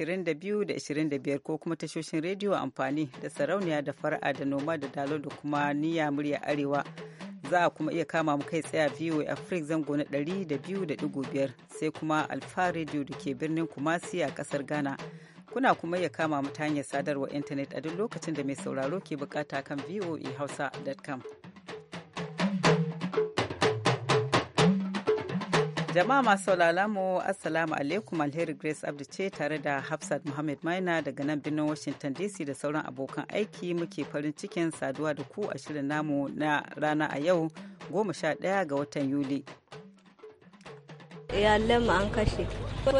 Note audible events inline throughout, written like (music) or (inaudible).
22 da 25 ko kuma tashoshin rediyo amfani da sarauniya da fara'a da noma da dalo da kuma niyya murya arewa za a kuma iya kama mu kai tsaye vo Africa zango na 200.5 sai kuma Alfa rediyo da ke birnin Kumasi a kasar Ghana. Kuna kuma iya kama mu ta hanyar sadarwar intanet a duk lokacin da mai sauraro ke bukata kan voahausa.com. Jama'a masu sauraron mu Assalamu alaikum Alheri Grace Abdu ce tare da Hafsat Muhammad Maina daga nan birnin Washington DC da sauran abokan aiki muke farin cikin saduwa da ku a shirin namu na rana a yau 11 ga watan Yuli. Iyalan mu an kashe.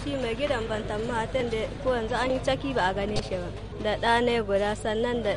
Shi mai gidan bantan matan da ko yanzu an yi caki ba a gane shi ba. Da ɗana guda sannan da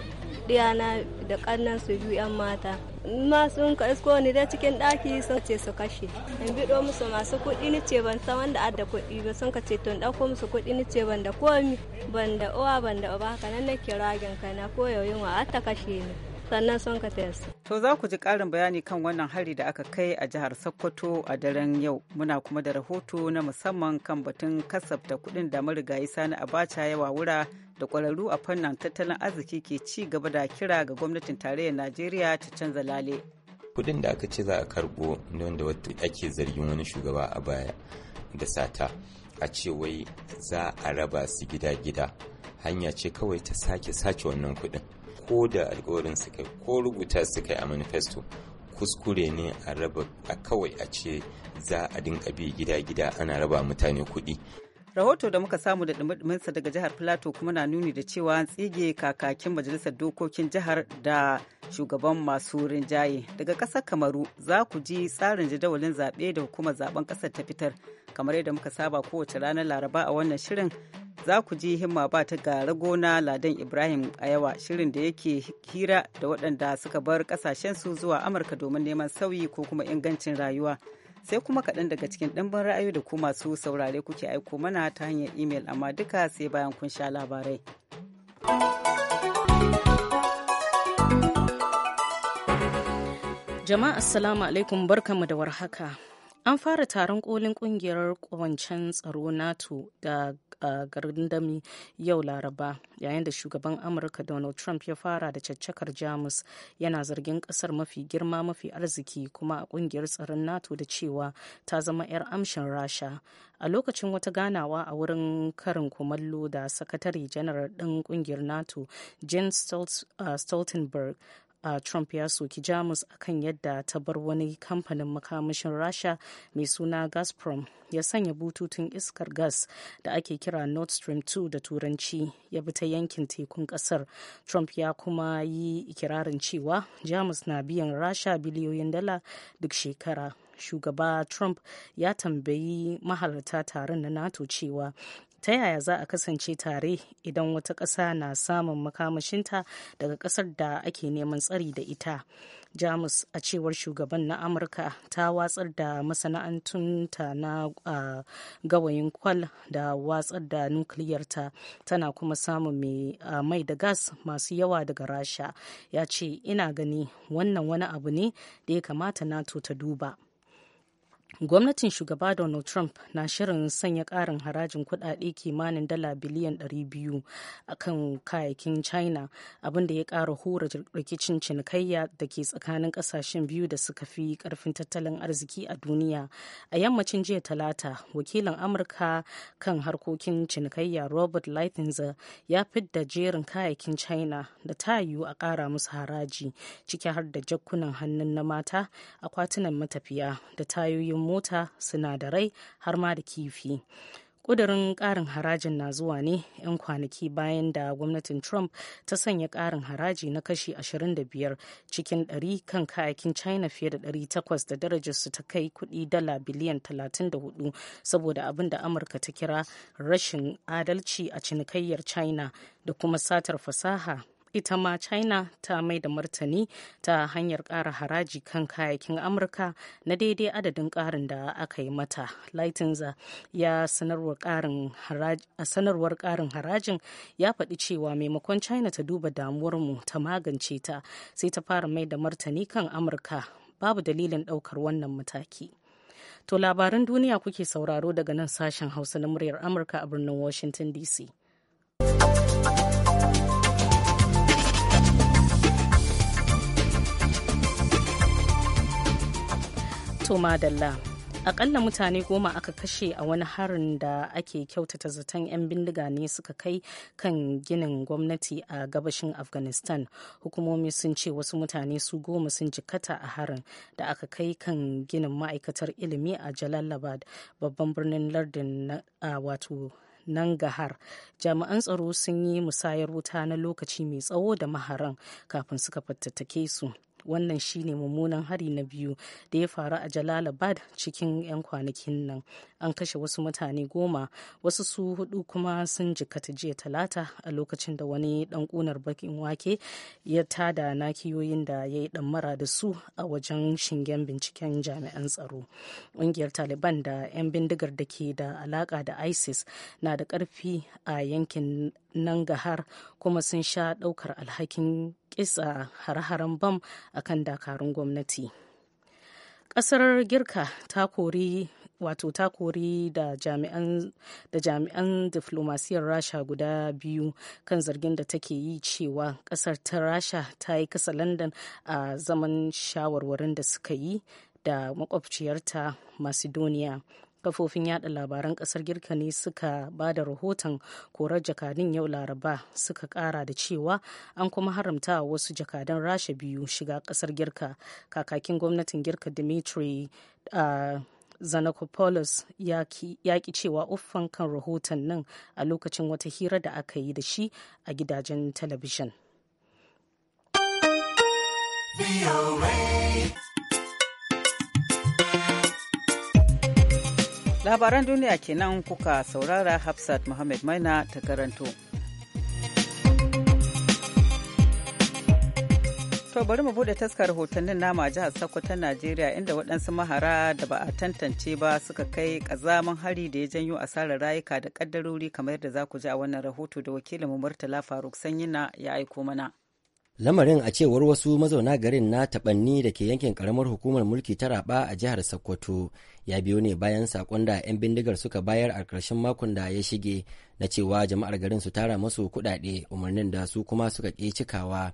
ɗiyana da ƙannan su biyu 'yan mata. ma sun ka isko ni da cikin daki sun ce su kashe in biɗo musu masu kuɗi ni ce ban san wanda adda kuɗi ba sun ka ce tun ko musu kuɗi ni ce ban da komi ban da uwa ban da uba haka nan nake ragin na ko yauyin wa ta kashe ni sannan sun ka su. To za ku ji ƙarin bayani kan wannan hari da aka kai a jihar Sokoto a daren yau. Muna kuma da rahoto na musamman kan batun kasafta kuɗin da marigayi Sani Abacha ya wawura da kwararru a fannin tattalin arziki ke ci gaba da kira ga gwamnatin tarayyar najeriya ta canza lale kudin da aka ce za a karbo wanda ake zargin wani shugaba a baya da sata a ce wai za a raba su gida-gida hanya ce kawai ta sake sace wannan kudin ko da alkawarin su kai ko rubuta su kai a manifesto kuskure ne a raba a kawai a ce za a dinka bi gida-gida ana raba mutane kudi. rahoto da muka samu da sa daga jihar plateau kuma na nuni da cewa tsige kakakin majalisar dokokin jihar da shugaban masu rinjaye daga kasar kamaru za ku ji tsarin jadawalin zaɓe da hukumar zaben ƙasar ta fitar kamar yadda muka saba kowace ranar laraba a wannan shirin za ku ji himma ba ta ga ragona ladan ibrahim a yawa shirin da yake hira da waɗanda suka bar ƙasashensu zuwa amurka domin neman sauyi ko kuma ingancin rayuwa sai kuma kaɗan daga cikin ɗimbin ra'ayi da ku masu saurare kuke aiko mana ta hanyar imel amma duka sai bayan kun sha labarai. Jama'a Assalamu alaikum barkamu da warhaka. An fara taron kolin kungiyar kwancen tsaro NATO da a garin dami yau laraba yayin da shugaban amurka donald trump ya fara da caccakar jamus yana zargin kasar mafi girma mafi arziki kuma a kungiyar tsaron nato da cewa ta zama 'yar amshin rasha a lokacin wata ganawa a wurin karin kumallo da sakatare janar ɗin kungiyar nato jens stoltenberg a trump ya soki jamus akan yadda ta bar wani kamfanin makamashin rasha mai suna gazprom ya sanya bututun iskar gas da ake kira nord stream 2 da turanci ya bi ta yankin tekun kasar trump ya kuma yi ikirarin cewa jamus na biyan rasha biliyoyin dala duk shekara shugaba trump ya tambayi mahalarta taron na nato cewa ta yaya za a kasance tare idan wata ƙasa na samun makamashinta daga ƙasar da ake neman tsari da ita jamus a cewar shugaban na amurka ta watsar da masana'antunta na gawayin kwal da watsar da nukiliyarta tana kuma samun mai da gas masu yawa daga rasha ya ce ina gani wannan wani abu ne da ya kamata nato ta duba gwamnatin shugaba donald trump na shirin sanya karin harajin kudade kimanin dala biliyan 200 a kan kayakin china abinda ya kara hura rikicin cinikayya da ke tsakanin kasashen biyu da suka fi karfin tattalin arziki a duniya a yammacin jiya talata wakilin amurka kan harkokin cinikayya robert lighthizer ya fidda jerin kayakin china da ta yiwu a kara musu haraji ciki har da jakkunan hannun na mata akwatunan matafiya da tayoyin mota sinadarai har ma da kifi ƙudurin ƙarin harajin na zuwa ne 'yan kwanaki bayan da gwamnatin trump ta sanya ƙarin haraji na kashi 25 cikin 100 kan kayakin china fiye da 800 da darajar su ta kai kudi dala biliyan 34 saboda abin da amurka ta kira rashin adalci a cinikayyar china da kuma satar fasaha ita ma china ta mai da martani ta hanyar kara haraji kan kayakin amurka na daidai adadin karin da aka yi mata lightinza ya sanarwar karin harajin ya faɗi cewa maimakon china ta duba damuwar mu ta magance ta sai ta fara mai da martani kan amurka babu dalilin ɗaukar wannan mataki. To labaran duniya kuke sauraro daga nan sashen Hausa na muryar Amurka a birnin Washington DC. To madalla. Akalla mutane goma aka kashe a wani harin da ake kyautata zaton 'yan bindiga ne suka kai kan ginin gwamnati a gabashin Afghanistan. Hukumomi sun ce wasu mutane su goma sun jikata a harin da aka kai kan ginin ma'aikatar ilimi a Jalalabad babban birnin lardin wato nan gahar jami'an tsaro sun yi musayar wuta na lokaci mai tsawo da maharan kafin suka fatattake su wannan shine mummunan hari na biyu da ya faru a jalalabad cikin 'yan kwanakin nan an kashe wasu mutane goma wasu su hudu kuma sun jikata jiya talata a lokacin da wani dan kunar bakin wake ya tada nakiyoyin da ya yi damara da su a wajen shingen binciken jami'an tsaro ƙungiyar taliban da 'yan bindigar da ke da alaka da isis na da ƙarfi a yankin nangahar kuma sun sha ɗaukar alhakin ƙisa har-haren bam a kan dakarun gwamnati ƙasar girka ta kori wato ta da jami'an da jami'an diflomasiyar rasha guda biyu kan zargin da take yi cewa kasar ta rasha ta yi kasa london a zaman shawarwarin da suka yi da makwabciyarta macedonia kafofin yada labaran kasar girka ne suka ba da rahoton korar jakadun yau laraba suka kara da cewa an kuma haramta wasu jakadan rasha biyu shiga kasar girka kakakin gwamnatin girka dimitri uh, ah, Zanakopoulos ya ki cewa uffan kan rahoton nan a lokacin wata hira da aka yi da shi a gidajen talabijin. labaran duniya kenan kuka saurara hafsat muhammad maina ta karanto To bari mu bude taskar hotonnin nama a jihar Sokoto Najeriya inda waɗansu mahara da ba a tantance ba suka kai ƙazaman hari da ya janyo asarar rayuka da ƙaddarori kamar yadda za ku ji a wannan rahoto da wakilin mu Murtala Faruk Sanyina ya aiko mana. Lamarin a cewar wasu mazauna garin na taɓanni da ke yankin ƙaramar hukumar mulki ta raba a jihar Sokoto ya biyo ne bayan sakon da 'yan bindigar suka bayar a ƙarshen makon da ya shige na cewa jama'ar garin su tara masu kuɗaɗe umarnin da su kuma suka ƙi cikawa.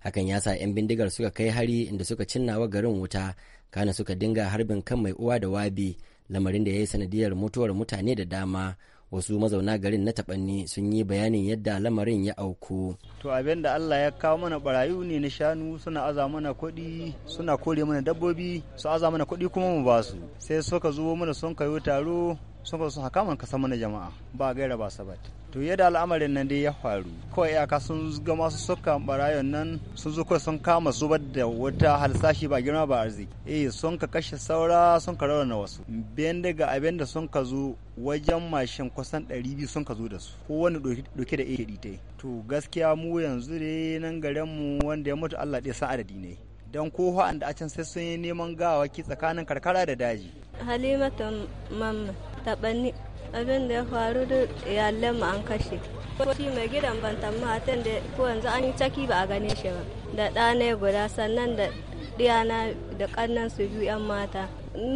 Hakan ya sa 'yan bindigar suka kai hari inda suka cinnawa garin wuta kana suka dinga harbin kan mai uwa da wabi lamarin da ya yi sanadiyar mutuwar mutane da dama. wasu mazauna garin na taɓanni sun yi bayanin yadda lamarin ya auku. To abin da Allah ya kawo mana barayu ne na shanu suna aza mana kuɗi suna kore mana dabbobi su aza mana kuɗi kuma mu ba su sai suka zo mana sun kayo taro saboda su haka man kasa mana jama'a ba gaira ba sabat to yadda al'amarin nan dai ya faru kawai iyaka sun ga masu suka barayon nan sun zo sun kama zubar da wata halsashi ba girma ba arziki eh sun ka kashe saura sun ka rawana wasu bayan daga abin da sun ka zo wajen mashin kusan 200 sun ka zo da su ko wani doke da ake tai to gaskiya mu yanzu ne nan garen mu wanda ya mutu Allah ɗaya sa adadi ne don ko da a can sai sun yi neman gawaki tsakanin karkara da daji halimatu Mamma. taɓanni abin da ya faru da iyalan mu an kashe shi mai gidan ban tamma tun da ko yanzu an yi caki ba a gane shi ba da ɗa guda sannan da ɗiyana da ƙannan su biyu 'yan mata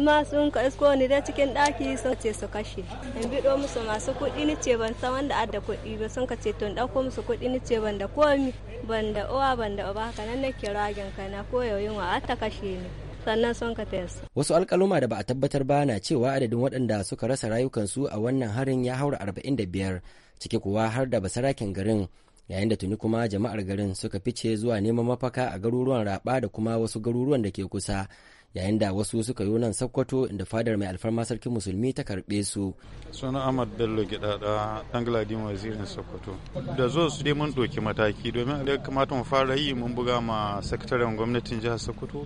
ma sun ka isko ni da cikin ɗaki sun ce su kashe in biɗo musu masu kuɗi ni ce ban san wanda adda kuɗi ba sun ka ce tun ɗauko musu kuɗi ni ce ban da komi ban da uwa ban da uba haka nan nake ragin kana ko yau yunwa ta kashe ni sannan son ka su. Wasu alkaluma da ba a tabbatar ba na cewa adadin waɗanda suka rasa rayukansu a wannan harin ya haura arba'in da biyar ciki kuwa har da basarakin garin yayin da tuni kuma jama'ar garin suka fice zuwa neman mafaka a garuruwan raba da kuma wasu garuruwan da ke kusa yayin da wasu suka yi nan sakkwato inda fadar mai alfarma sarkin musulmi ta karɓe su. suna ahmad bello gidada dan gladin wazirin sakkwato da zo su dai mun ɗauki mataki domin a kamata mu fara yi mun buga ma sakataren gwamnatin jihar sokoto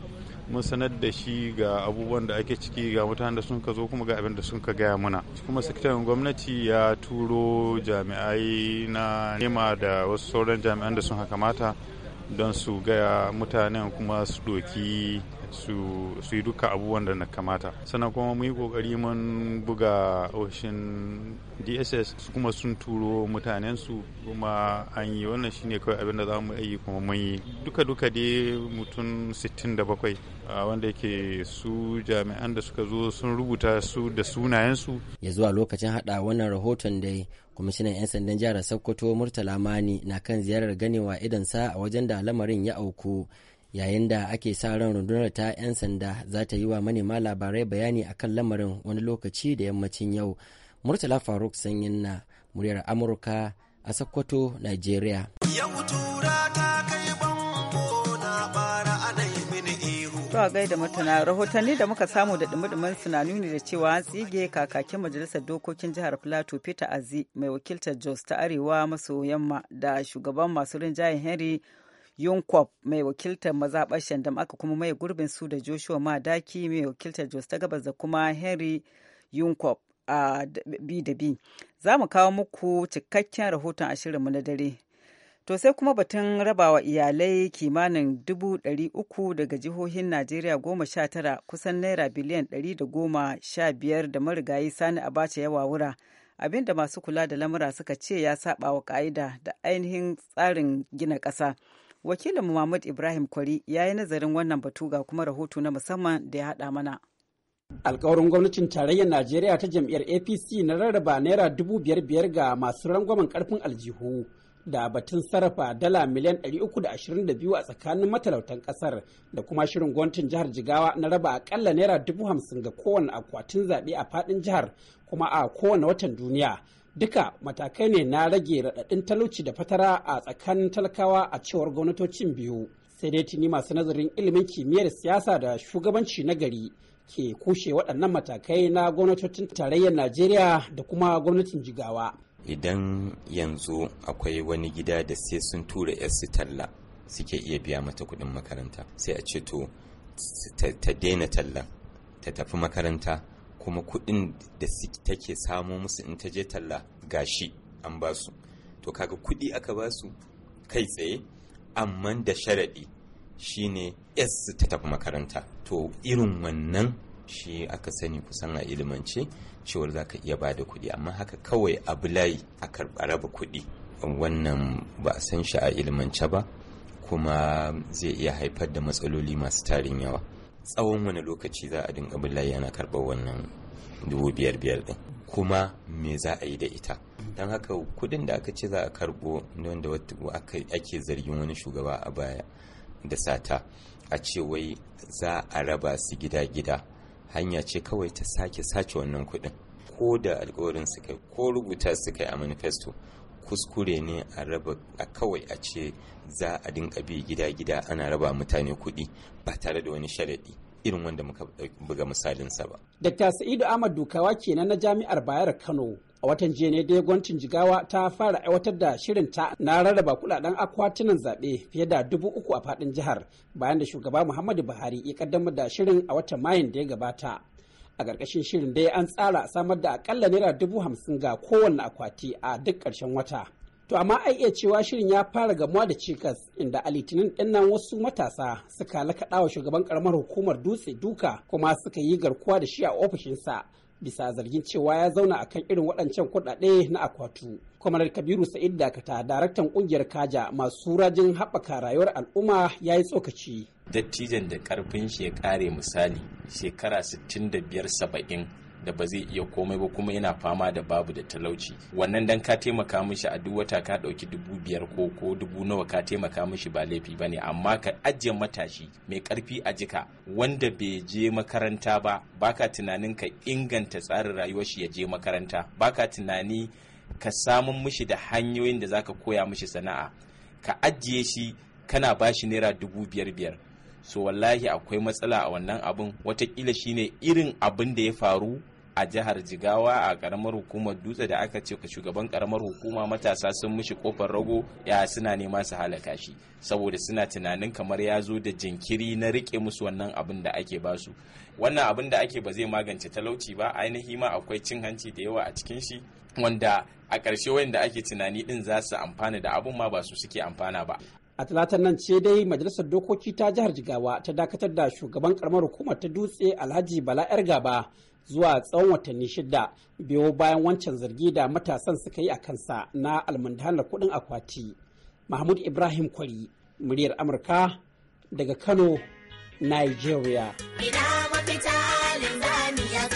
mun sanar da shi ga abubuwan da ake ciki ga mutanen da sun ka zo kuma ga abin da sun ka gaya mana kuma sakataren gwamnati ya turo jami'ai na nema da wasu sauran jami'an da sun kamata don su gaya mutanen kuma su doki su yi duka abubuwan da na kamata sannan kuma mu yi kokari mun buga oshin dss kuma sun turo mutanen su kuma an yi wannan shine kawai abin da za mu yi kuma mun yi duka duka dai mutum 67 wanda yake su jami'an da suka zo sun rubuta su da sunayensu. su ya zuwa lokacin hada wannan rahoton dai kwamishinan 'yan sandan jihar sokoto murtala mani na kan ziyarar ganewa idansa a wajen da lamarin ya auku yayin da ake sa ran rundunar ta 'yan sanda za ta yi wa manema labarai bayani a kan lamarin wani lokaci da yammacin yau murtala faruk sanyin na muryar amurka a sokoto nigeria gai da mutana rahotanni da muka samu da dumudumin suna nuni da cewa an tsige kakakin majalisar dokokin jihar Plateau Peter Azi mai wakiltar Jos ta Arewa maso yamma da shugaban masu rinjayen Henry Yunkwab mai wakiltar mazaɓar Shandam aka kuma mai gurbin su da Joshua Madaki mai wakiltar Jos ta gabas da kuma Henry Yunkwab a bi da bi. Za mu kawo muku cikakken rahoton a shirinmu na dare. To sai kuma batun rabawa iyalai kimanin dubu ɗari uku daga jihohin Najeriya goma sha tara kusan naira biliyan ɗari da goma sha biyar da marigayi Sani Abacha ya wawura. wura abinda masu kula da lamura suka ce ya saba wa ka'ida da ainihin tsarin gina ƙasa. Wakilin Muhammad Ibrahim Kwari ya yi nazarin wannan batu ga kuma rahoto na musamman da ya haɗa mana. alkawarin gwamnatin tarayyar najeriya ta jam'iyyar apc na rarraba naira dubu biyar biyar ga masu rangwamen karfin aljihu da batun sarrafa dala miliyan 322 a tsakanin matalautan kasar da kuma shirin gwamnatin jihar jigawa na raba akalla naira dubu hamsin ga kowane akwatin zaɓe a faɗin jihar kuma a kowane watan duniya duka matakai ne na rage raɗaɗin talauci da fatara a tsakanin talakawa a cewar gwamnatocin biyu sai dai tuni masu nazarin ilimin kimiyyar siyasa da shugabanci na gari ke kushe waɗannan matakai na gwamnatocin tarayyar najeriya da kuma gwamnatin jigawa idan yanzu akwai wani gida da sai sun tura 'yarsu talla suke iya biya mata kuɗin makaranta sai a ce to ta daina talla ta tafi makaranta kuma kuɗin da take samu musu in ta je talla gashi an ba su to kaga kuɗi aka ba su kai tsaye amma da sharaɗi shine su ta tafi makaranta to irin wannan shi aka sani kusan a ilimance cewar za ka iya ba da kuɗi amma haka kawai abu layi a karɓa raba kuɗi wannan ba a san shi a ilimance ba kuma zai iya haifar da matsaloli masu tarin yawa tsawon wani lokaci za a dinga bin layi ana karɓar wannan dubu biyar biyar ɗin kuma me za a yi da ita don haka kuɗin da aka ce za a karɓo wanda ake zargin wani shugaba a baya da sata a ce wai za a raba su gida-gida hanya ce kawai ta sake sace wannan kuɗin ko da alkawarin su kai ko rubuta su kai a manifesto kuskure ne a raba a kawai a ce za a dinka bi gida-gida ana raba mutane kuɗi ba tare da wani sharaɗi irin wanda muka buga misalinsa ba. Dr. Sa'idu Ahmad Dukawa kenan na Jami'ar Bayar Kano. A watan jiya ne dai gwamnatin Jigawa ta fara aiwatar da shirin ta na rarraba kudaden akwatunan zaɓe fiye da dubu uku a faɗin jihar bayan da shugaba Muhammadu Buhari ya kaddamar da shirin a watan Mayun da ya gabata. A ƙarƙashin shirin dai an tsara samar da aƙalla naira dubu hamsin ga kowane akwati a duk ƙarshen wata. To amma ai iya cewa shirin ya fara gamuwa da cikas inda a litinin dinnan wasu matasa suka lakaɗa wa shugaban karamar hukumar dutse duka kuma suka yi garkuwa da shi a ofishinsa bisa zargin cewa ya zauna a kan irin waɗancan kuɗaɗe na akwatu. Kwamanar Kabiru Sa'id Dakata, daraktan ƙungiyar Kaja masu rajin haɓaka rayuwar al'umma ya yi tsokaci. Dattijan da ƙarfin shi ya ƙare misali shekara 65-70 da ba zai iya komai ba kuma yana fama da babu da talauci wannan dan ka taimaka mishi a duk wata ka ɗauki dubu biyar ko ko dubu nawa ka taimaka mishi ba laifi ba ne amma ka ajiye matashi mai karfi a jika wanda bai je makaranta ba baka tunanin ka inganta tsarin rayuwar shi ya je makaranta baka tunani ka samun mishi da hanyoyin da zaka koya mishi sana'a ka ajiye shi kana bashi naira dubu biyar biyar so wallahi akwai matsala a wannan abin watakila shine irin abin da ya faru a jihar jigawa a karamar hukumar dutse da aka ce shugaban karamar hukuma matasa sun mishi kofar rago ya suna nema su halaka shi saboda suna tunanin kamar ya zo da jinkiri na rike musu wannan abin da ake basu wannan abin da ake ba zai magance talauci ba ainihi ma akwai cin hanci da yawa a cikin shi wanda a ƙarshe wayanda ake tunani din za su amfana da abun ma ba su suke amfana ba a talatan nan ce dai majalisar dokoki ta jihar jigawa ta dakatar da shugaban karamar hukumar ta dutse alhaji bala yar gaba zuwa tsawon watanni shida biyo bayan wancan zargi da matasan suka yi a kansa na almundanar kudin akwati mahmud ibrahim kwari muryar amurka daga kano nigeria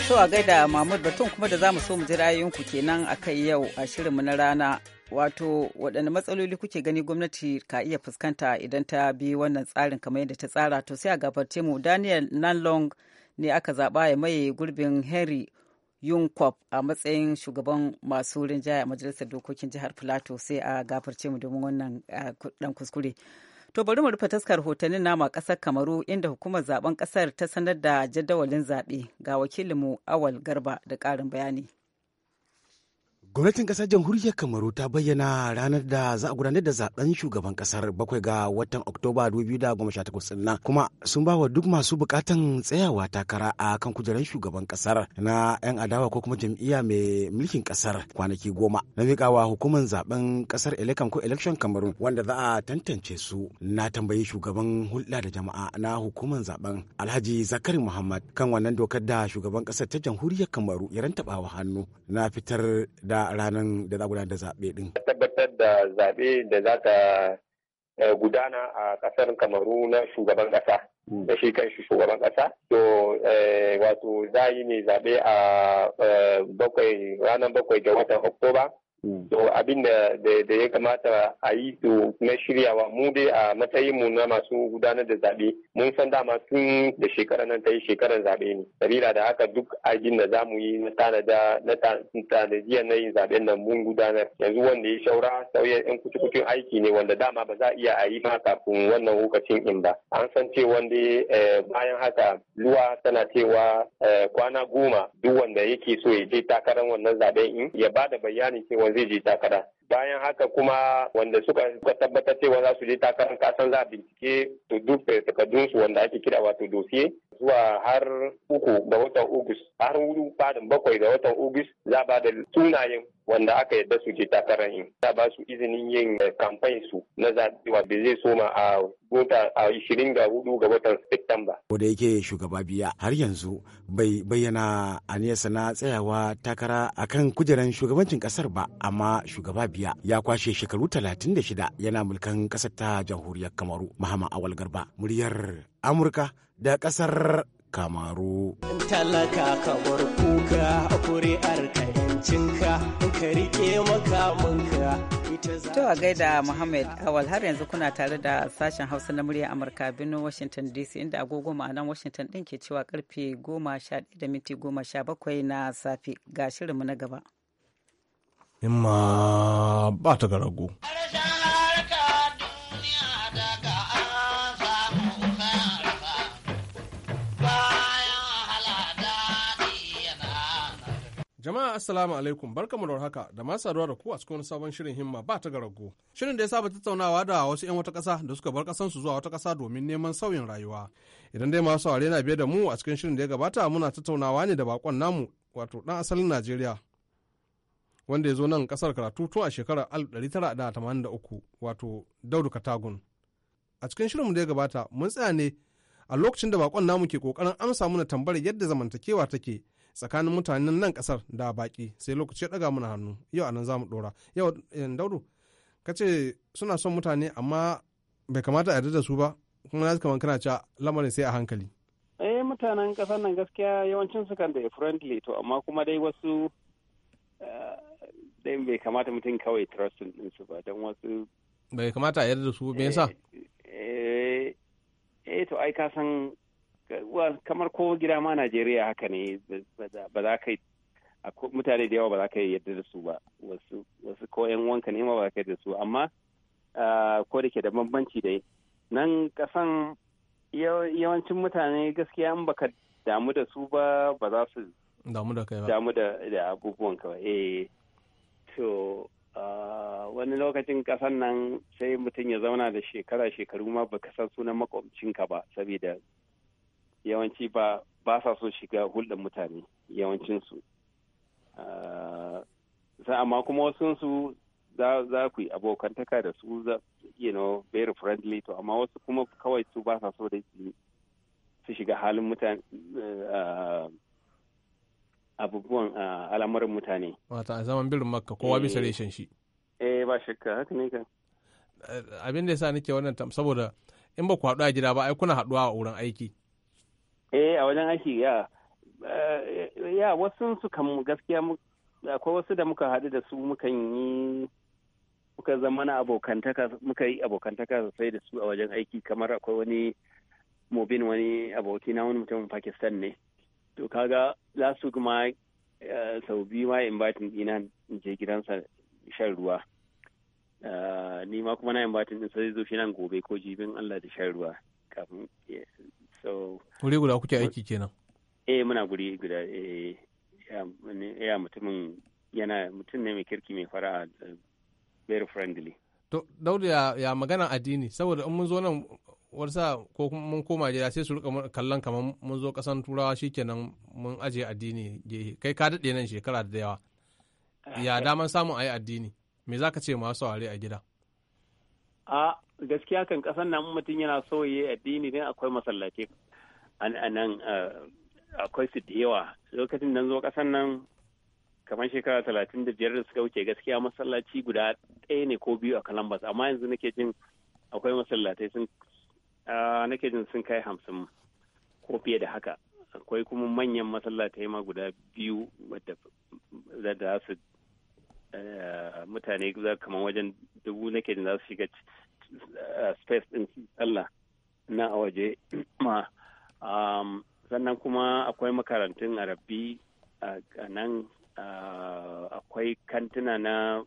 so a gaida mahmud batun kuma da za mu so mu ji ra'ayinku kenan a kai yau a shirinmu na rana wato waɗanne matsaloli kuke gani gwamnati ka iya fuskanta idan ta bi wannan tsarin kamar yadda ta tsara to sai a gafarce mu daniel nanlong ne aka zaɓa ya maye gurbin henry yunkwap a matsayin shugaban masu rinjaya a majalisar dokokin jihar plateau sai a gafarce mu domin wannan dan kuskure to bari mu rufe taskar hotonin nama kasar kamaru inda hukumar zaben ƙasar ta sanar da jadawalin zaɓe ga wakilinmu awal garba da ƙarin bayani Gwamnatin kasar jamhuriyar Kamaru ta bayyana ranar da za a gudanar da zaben shugaban kasar bakwai ga watan Oktoba 2018 nan kuma sun ba wa duk masu bukatan tsayawa takara a kan kujerar shugaban kasar na 'yan adawa ko kuma jam'iyya mai mulkin kasar kwanaki goma na miƙawa hukumar zaben kasar Elekan ko Election Kamaru wanda za a tantance su na tambayi shugaban hulɗa da jama'a na hukumar zaben Alhaji Zakari Muhammad kan wannan dokar da shugaban kasar ta jamhuriyar Kamaru ya rantaɓa wa hannu na fitar da ranar da za gudanar da zaɓe ɗin. Tabbatar da zaɓe da za ta eh, gudana a ƙasar Kamaru na shugaban ƙasa. Hmm. Da shi kan shi shugaban ƙasa. To eh, wato za yi ne zaɓe a eh, bakwai ranar bakwai ga watan Oktoba Mm. To abin da ya kamata a yi to na shiryawa mu dai a matsayin mu na masu gudanar da zaɓe mun san dama tun da shekarar nan ta yi shekarar zaɓe ne. Sabila da haka duk abin da za mu yi na tanada na tanadiya na yin zaɓen nan mun gudanar. Yanzu wanda ya shaura sauye yan kucikucin aiki ne wanda dama ba za a iya a yi ma kafin wannan lokacin in ba. An san ce wanda eh, bayan haka luwa tana cewa eh, kwana goma duk wanda yake so ya je takarar wannan zaɓen in ya ba da bayanin cewa ビジターから bayan haka kuma wanda suka suka tabbatar cewa za su je takarar kasan za a bincike to dufe takardunsu wanda ake kira wato dosiye zuwa har uku ga watan ogus har hudu fadin bakwai ga watan ogus za ba da sunayen wanda aka yadda su je takarar yin za ba su izinin yin kamfain eh, su na zaɓewa bai zai soma a gota a ishirin ga hudu ga watan Septemba. Ko da yake shugaba biya har yanzu bai bayyana aniyarsa na tsayawa takara akan kujerar shugabancin kasar ba amma shugaba Gambia ya kwashe shekaru 36 yana mulkan ƙasar ta jamhuriyar Kamaru Muhammad Awal Garba muryar Amurka da kasar Kamaru. Talaka ka bar kuka kuri'ar ka ka rike makamanka To a gaida Muhammad Awal har yanzu kuna tare da sashen Hausa na muryar Amurka birnin Washington DC inda agogo ma'anan Washington din ke cewa karfe 11 da minti na safe ga shirinmu na gaba. in ma ba ta ga rago. Jama'a Assalamu alaikum barkamu da haka da masu saduwa da ku a cikin sabon shirin himma ba ta garago. Shirin da ya saba tattaunawa da wasu 'yan wata ƙasa da suka bar ƙasansu zuwa wata ƙasa domin neman sauyin rayuwa. Idan dai masu saurare na biye da mu a cikin shirin da ya gabata muna tattaunawa ne da bakon namu wato ɗan asalin Najeriya wanda ya zo nan kasar karatu tun a shekarar 1983 wato daudu katagun a cikin shirinmu da ya gabata mun tsaya ne a lokacin da bakon namu ke kokarin amsa mana tambayar yadda zamantakewa take tsakanin mutanen nan kasar da baki sai lokaci ya daga mana hannu yau anan zamu dora yau eh, daudu ka ce suna son mutane amma bai kamata a yarda da su ba kuma na kamar kana cewa lamarin sai a hankali eh mutanen kasar nan gaskiya yawancin su kan da friendly to amma kuma dai wasu eh, ɗin bai kamata mutum kawai trustin su ba don wasu bai kamata a yarda su me yasa eh, eh, eh to ai ka san kamar ko gida ma Najeriya haka ne ba za ka mutane da yawa ba za ka yarda da su ba wasu wasu ko yan wanka ne ma ba za ka yarda da su amma ko da ke da bambanci dai nan kasan yawancin mutane gaskiya an baka damu da su ba ba za su damu da kai ba damu da abubuwan ka eh to wani lokacin kasan nan sai mutum ya zauna da shekara shekaru ma baka san sunan makwabcinka ba saboda yawanci ba ba sa so shiga hulɗar mutane yawancinsu amma kuma wasunsu za ku yi abokantaka da su you know very friendly to amma wasu kuma kawai su ba sa so da su shiga halin mutane abubuwan al'amuran mutane. Wata a zaman birin makka kowa bisa eh. reshen shi. Eh ba shakka haka ne kan. Eh, abin da ya sa nake wannan tam saboda in ba ku haɗu a gida ba ai kuna haɗuwa a wurin aiki. Eh a wajen aiki ya eh, ya wasu su kan gaskiya akwai wasu da muka haɗu da su muka yi muka zama na abokantaka muka yi abokantaka sosai da su a wajen aiki kamar akwai wani mobin wani aboki na wani mutumin Pakistan ne. to kaga last week ma eh, sau biyu ma inviting ina in je gidansa shan ruwa eh, ni ma kuma na inviting din sai zo shi nan gobe ko jibin Allah da shan ruwa kafin so wuri guda kuke aiki kenan eh muna guri guda eh ya mutumin yana mutum ne mai kirki mai fara eh, very friendly to daudu ya, ya magana addini saboda in mun zo nan warsa ko mun koma gida sai su rika kallon kamar mun zo kasan turawa shikenan mun aje addini gehe kai ka daɗe nan shekara da yawa ya eh. daman samun ayi addini me zaka ce ma saurare a gida a gaskiya kan kasan nan mutum yana so yi addini ne akwai masallaci a nan akwai su da yawa lokacin nan zo kasan nan kamar shekara talatin da biyar da suka wuce gaskiya masallaci guda ɗaya ne ko biyu a kalambas amma yanzu nake jin akwai masallatai Ah, nake jin sun kai hamsin ko fiye da haka akwai kuma manyan masallatai ma guda biyu wadda za su eh, mutane za kamar wajen dubu nake jin za su shiga eh, space din sallah na a waje ma sannan kuma akwai makarantun arabi a nan ah, akwai kantuna na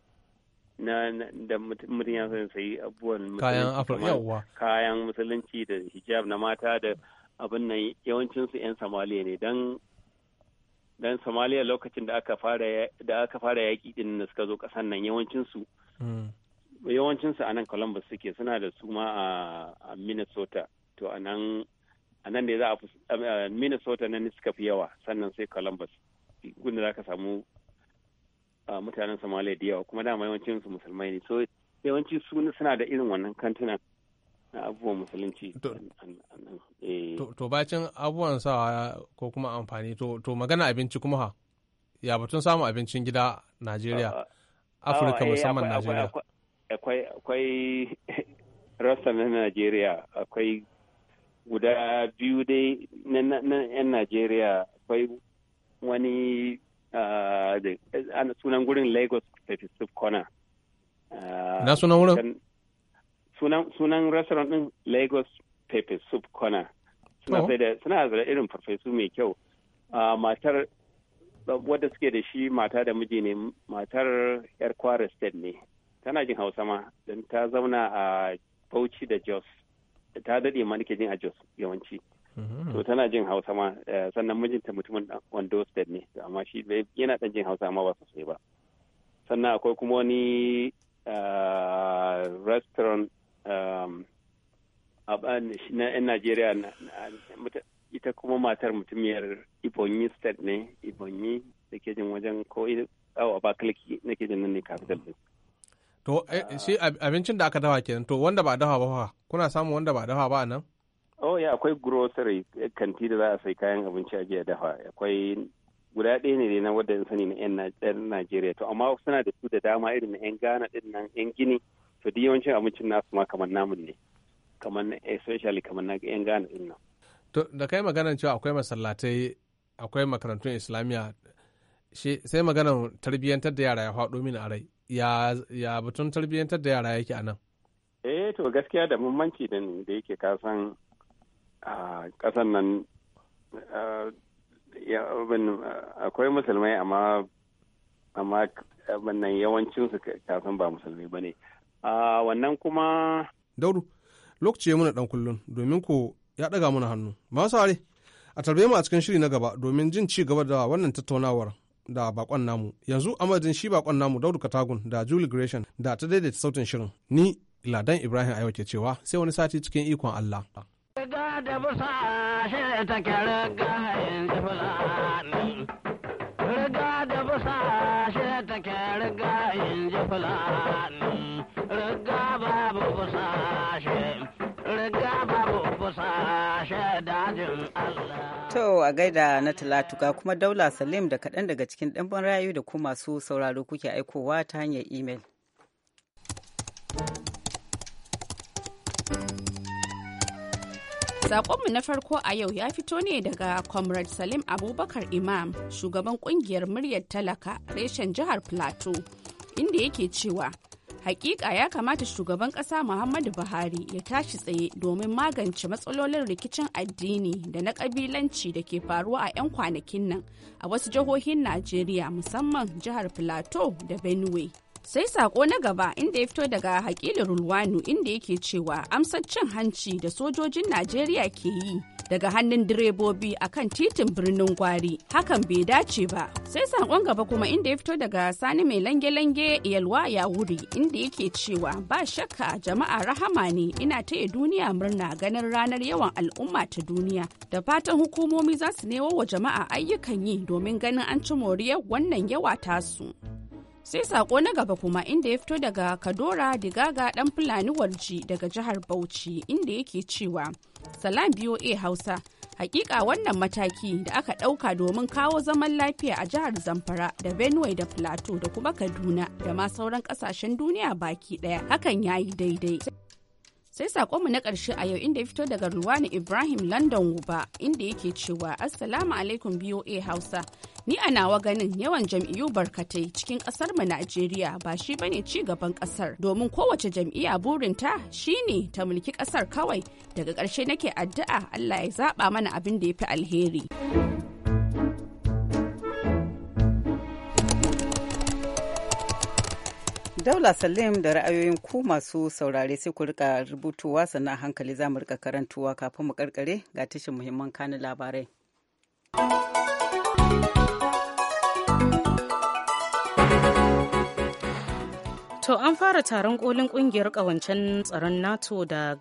na da mutum ya san sayi abubuwan kayan afirka kayan musulunci da hijab na mata da abin nan yawancinsu 'yan samaliya ne don dan somaliya lokacin da aka fara da aka fara yaki din da suka zo kasan nan yawancinsu hmm. yawancinsu a nan columbus suke suna da su ma a minnesota to a nan a za a minnesota nan suka fi yawa sannan sai columbus gunda za ka samu mutanen Somalia da yawa kuma dama yawancin su musulmai ne so yawanci su suna da irin wannan kantuna na abubuwan musulunci to eh. bacin abubuwan sawa ko kuma amfani to magana abinci kuma ha ya batun samun abincin gida Najeriya Afirka eh, musamman Najeriya akwai (laughs) rasta na Najeriya akwai guda biyu dai na 'yan Najeriya akwai wani ana ah, eh, sunan gurin lagos festive corner ah, na sunan wurin sunan restaurant din lagos pepe soup corner suna oh. sai da suna da irin farfesu mai kyau ah, matar wadda suke da shi mata da miji ne matar yar kwara state ne tana jin hausa ma don ta zauna a bauchi da jos ta daɗe ma nake jin a jos yawanci Mm-hmm. to tana jin hausa ma eh, sannan mijinta mutumin wando state ne amma shi yana dan jin hausa amma ba sosai ba sannan akwai kuma wani eh, restaurant um, na 'yan najeriya ita kuma matar mutumiyar ibonyi state ne ibonyi da ke jin wajen ko awa ba kliki na ke jin nan ne capital to eh, shi abincin da aka dawa kenan to wanda ba dawa ba kuna samun wanda ba dawa ba nan Oh ya akwai grocery eh, kanti da za a sai kayan abinci a jiya dafa akwai guda ɗaya ne na wadda in sani na 'yan Najeriya to amma suna da su da dama irin na 'yan Ghana ɗin nan 'yan Gini to duk yawancin abincin nasu ma kamar namun ne kamar especially kamar na 'yan Ghana ɗin nan. To da kai maganar cewa akwai masallatai akwai makarantun Islamiyya sai maganar tarbiyyantar da yara ya faɗo min a rai ya batun tarbiyyantar da yara yake a nan. eh to gaskiya da mummanci da da yake kasan a ƙasan nan akwai musulmai amma amma wannan yawancinsu kasan ba musulmai ba ne wannan kuma dauru lokaci ya muna dan kullun domin ko ya daga muna hannu masu are a tarbe mu a cikin shiri na gaba domin jin ci gaba da wannan tattaunawar da bakon namu yanzu amadin shi bakon namu daudu katagun da julie gresham da ta daidaita sautin shirin ni ladan ibrahim yau ke cewa sai wani sati cikin ikon allah da busa shi take riga ji fulani. Riga da busa shi take riga ji fulani. Riga babu busa shi, riga babu busa shi dajin Allah. To a gaida na talatu ga kuma daula Salim da kaɗan daga cikin ɗanbin rayu da ku masu sauraro kuke aikowa ta hanyar imel. Sakonmu na farko a yau ya fito ne daga Comrade Salim Abubakar Imam, shugaban kungiyar muryar talaka reshen jihar Plateau, inda yake cewa Hakika ya kamata shugaban ƙasa Muhammadu Buhari ya tashi tsaye domin magance matsalolin rikicin addini da na kabilanci da ke faruwa a 'yan kwanakin nan a wasu jihohin Najeriya musamman jihar Plateau da Benue. sai sako na gaba inda ya fito daga hakilu rulwanu inda yake cewa amsar cin hanci da sojojin najeriya ke yi daga hannun direbobi a kan titin birnin gwari hakan bai dace ba sai sakon gaba kuma inda ya fito daga sani mai lange-lange yalwa ya wuri inda yake cewa ba shakka jama'a rahama ne ina taya duniya murna ganin ranar yawan al'umma ta duniya da fatan hukumomi za su wa jama'a ayyukan yi domin ganin an ci moriyar wannan yawa tasu. sai sako na gaba kuma inda ya fito daga kadora digaga dan fulani walji daga jihar bauchi inda yake cewa salam boa hausa hakika wannan mataki da aka ɗauka domin kawo zaman lafiya a jihar zamfara da benue da plateau da kuma kaduna da ma sauran kasashen duniya baki ɗaya hakan ya yi daidai sai sakonmu na karshe a yau inda ya fito daga ruwani ibrahim london wuba inda yake cewa assalamu alaikum boa hausa Ni a nawa ganin yawan jam'iyyu barkatai cikin ƙasar mu Najeriya ba shi bane ci gaban ƙasar domin kowace jam'iyya burinta shine ta mulki ƙasar kawai daga ƙarshe nake addu'a Allah ya zaba mana abin da ya fi alheri. Daula Salim da ra'ayoyin ku masu saurare sai ku rika rubutuwa sannan hankali za mu rika karantuwa kafin mu karkare ga tashin muhimman kanin labarai. To an fara taron kolin kungiyar kawancen tsaron NATO da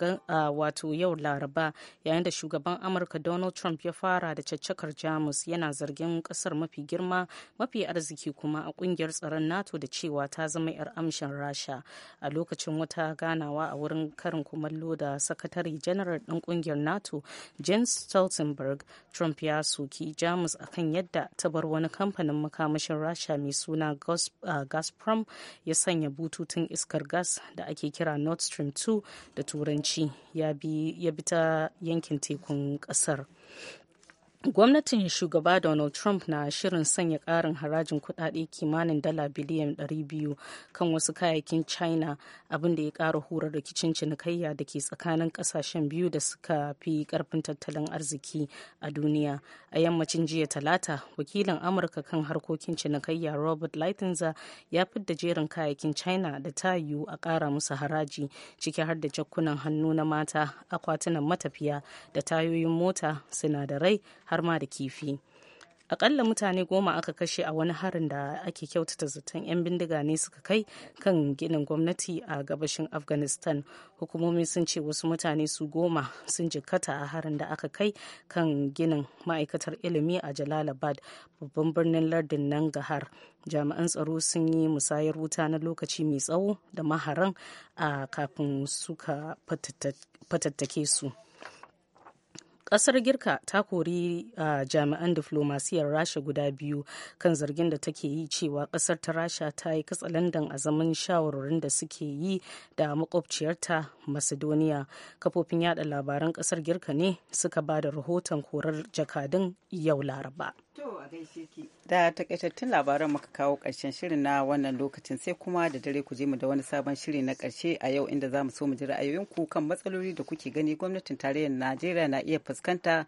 wato yau Laraba yayin da shugaban Amurka Donald Trump ya fara da caccakar Jamus yana zargin kasar mafi girma mafi arziki kuma a kungiyar tsaron NATO da cewa ta zama 'yar amshin Rasha a lokacin wata ganawa a wurin karin kumallo da sakatare general ɗin kungiyar NATO Jens Stoltenberg Trump ya soki Jamus akan yadda ta bar wani kamfanin makamashin Rasha mai suna Gazprom ya sanya butu bututun iskar gas da ake kira nord stream 2 da turanci ya bi ta yankin tekun kasar Gwamnatin shugaba Donald Trump na shirin sanya ƙarin harajin kuɗaɗe kimanin dala biliyan 200 kan wasu kayayyakin China abin da ya ƙara horar rikicin cinikayya da ke tsakanin ƙasashen biyu da suka fi ƙarfin tattalin arziki a duniya. A yammacin jiya talata, wakilin Amurka kan harkokin cinikayya Robert Lighthizer ya fidda jerin kayayyakin China da ta yiwu a ƙara musu haraji ciki har da jakkunan hannu na mata, akwatunan matafiya da tayoyin mota, sinadarai har ma da kifi akalla mutane goma aka kashe a wani harin da ake kyautata zaton 'yan bindiga ne suka kai kan ginin gwamnati a gabashin afghanistan hukumomi sun ce wasu mutane su goma sun jikkata a harin da aka kai kan ginin ma'aikatar ilimi a jalalabad babban birnin lardin nan gahar jami'an tsaro sun yi musayar wuta na lokaci mai tsawo da maharan a kafin suka fatattake su. kasar girka ta kori uh, jami'an diflomasiyar rasha guda biyu kan zargin da take yi cewa kasar ta rasha ta yi katsalandan a zaman shawarwarin da suke yi da makwabciyarta macedonia kafofin yada labaran kasar girka ne suka ba da rahoton korar jakadun yau laraba To a gaishe ki. Da takaitattun labaran muka kawo ƙarshen shirin na wannan lokacin sai kuma da dare ku je mu da wani sabon shiri na ƙarshe a yau inda za mu so mu ji ra'ayoyinku kan matsaloli da kuke gani gwamnatin tarayyar Najeriya na iya fuskanta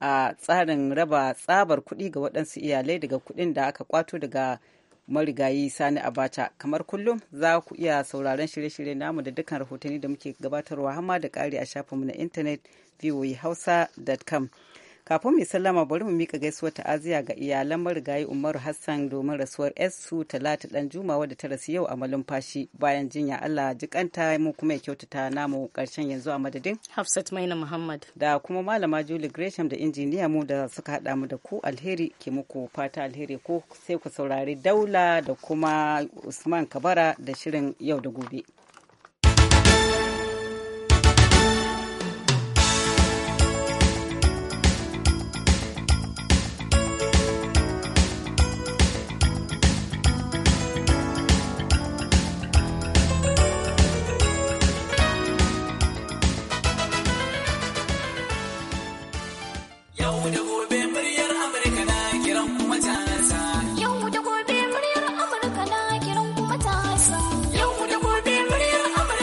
a tsarin raba tsabar kuɗi ga waɗansu iyalai daga kuɗin da aka kwato daga marigayi sani abacha kamar kullum za ku iya sauraron shirye-shirye namu da dukkan rahotanni da muke gabatarwa hamma da ƙari a shafinmu na intanet voahausa.com kafin mai sallama bari mu mika gaisuwar ta'aziya ga iyalan marigayi umaru hassan domin rasuwar su talata dan juma wadda ta rasu yau a malumfashi bayan jinya allah jikanta mu kuma ya kyautata namu karshen yanzu a madadin hafsat maina muhammad da kuma malama julie gresham da injiniya mu da suka hada mu da ku alheri ke muku fata alheri ko sai ku saurari daula da kuma usman kabara da shirin yau da gobe